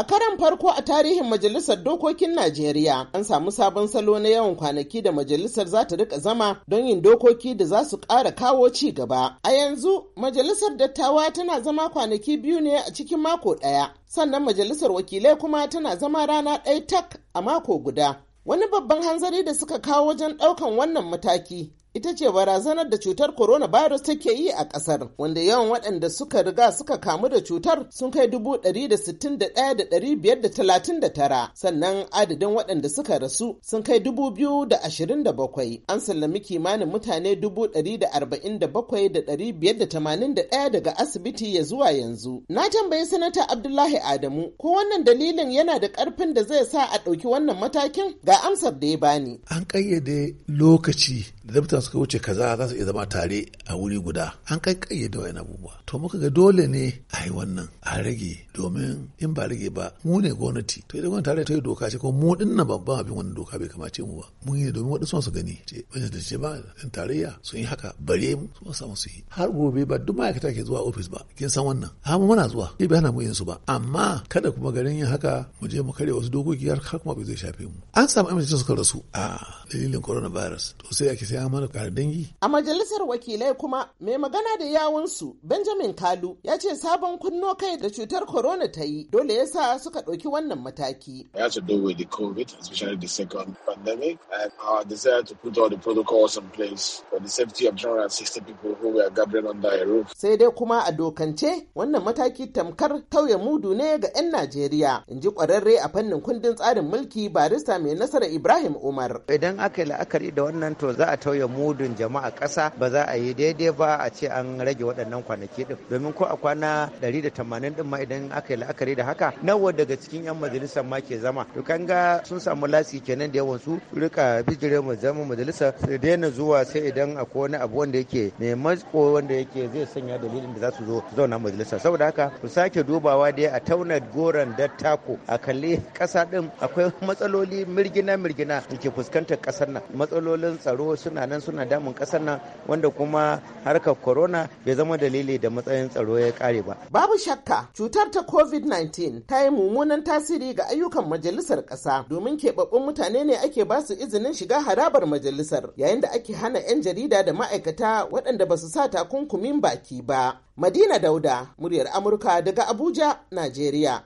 A karan farko a tarihin Majalisar Dokokin Najeriya an samu sabon salo na yawan kwanaki da majalisar za ta rika zama don yin dokoki da za su ƙara kawo ci gaba. A yanzu majalisar dattawa tana zama kwanaki biyu ne a cikin mako ɗaya, sannan majalisar wakilai kuma tana zama rana ɗaya tak a mako guda. Wani babban hanzari da suka kawo wajen ɗaukan wannan mataki ita ce barazanar da cutar Corona virus take yi a kasar wanda yawan waɗanda suka riga suka kamu da cutar sun kai tara, sannan adadin waɗanda suka rasu sun kai bakwai. an sallami kimanin mutane ɗaya daga asibiti ya zuwa yanzu na tambayi sanata abdullahi adamu ko wannan dalilin yana da ƙarfin da zai sa a ɗauki wannan matakin ga amsar da ya bani an ƙayyade lokaci da suka wuce kaza za su iya zama tare a wuri guda an kai kayyade wayan abubuwa to muka ga dole ne a yi wannan a rage domin in ba rage ba mu ne gwamnati to idan gwamnati tare ta yi doka ce ko mu din na babban abin wannan doka bai kamace mu ba mun yi domin waɗansu su gani ce wani da ce ba yan tarayya sun yi haka bare mu su samu su yi har gobe ba duk ma'aikata ke zuwa ofis ba kin san wannan amma muna zuwa bai hana mu yin su ba amma kada kuma garin yin haka mu je mu karya wasu dokoki har kuma bai zai shafe mu an samu amince suka rasu a dalilin coronavirus to sai ake sai ya dangi. A majalisar wakilai kuma mai magana da yawunsu Benjamin Kalu ya ce sabon kunno kai da cutar corona ta yi dole ya sa suka ɗauki wannan mataki. It has to Sai dai kuma a dokance wannan mataki tamkar tauye mudu ne ga 'yan Najeriya, in ji kwararre a fannin kundin tsarin mulki barista mai nasara Ibrahim Umar. Idan aka yi la'akari da wannan to za a tauye mudun jama'a ƙasa ba za a yi daidai ba a ce an rage waɗannan kwanaki din domin ko a kwana 180 din ma idan aka yi la'akari da haka nawa daga cikin 'yan majalisar ma ke zama to kan ga sun samu lasi kenan da yawan su rika bijire mu zama majalisa su daina zuwa sai idan akwai wani abu wanda yake mai matsko wanda yake zai sanya dalilin da za su zo zauna majalisa saboda haka ku sake dubawa dai a tauna goron dattako a kalli ƙasa ɗin akwai matsaloli mirgina mirgina da ke fuskantar ƙasar nan matsalolin tsaro su suna nan suna damun kasar nan wanda kuma harkar corona bai zama dalili da matsayin tsaro ya kare ba babu shakka cutar ta covid-19 ta yi mummunan tasiri ga ayyukan majalisar ƙasa domin keɓaɓɓun mutane ne ake ba su izinin shiga harabar majalisar yayin da ake hana 'yan jarida da ma'aikata waɗanda ba su sa takunkumin baki ba madina dauda muryar amurka daga abuja najeriya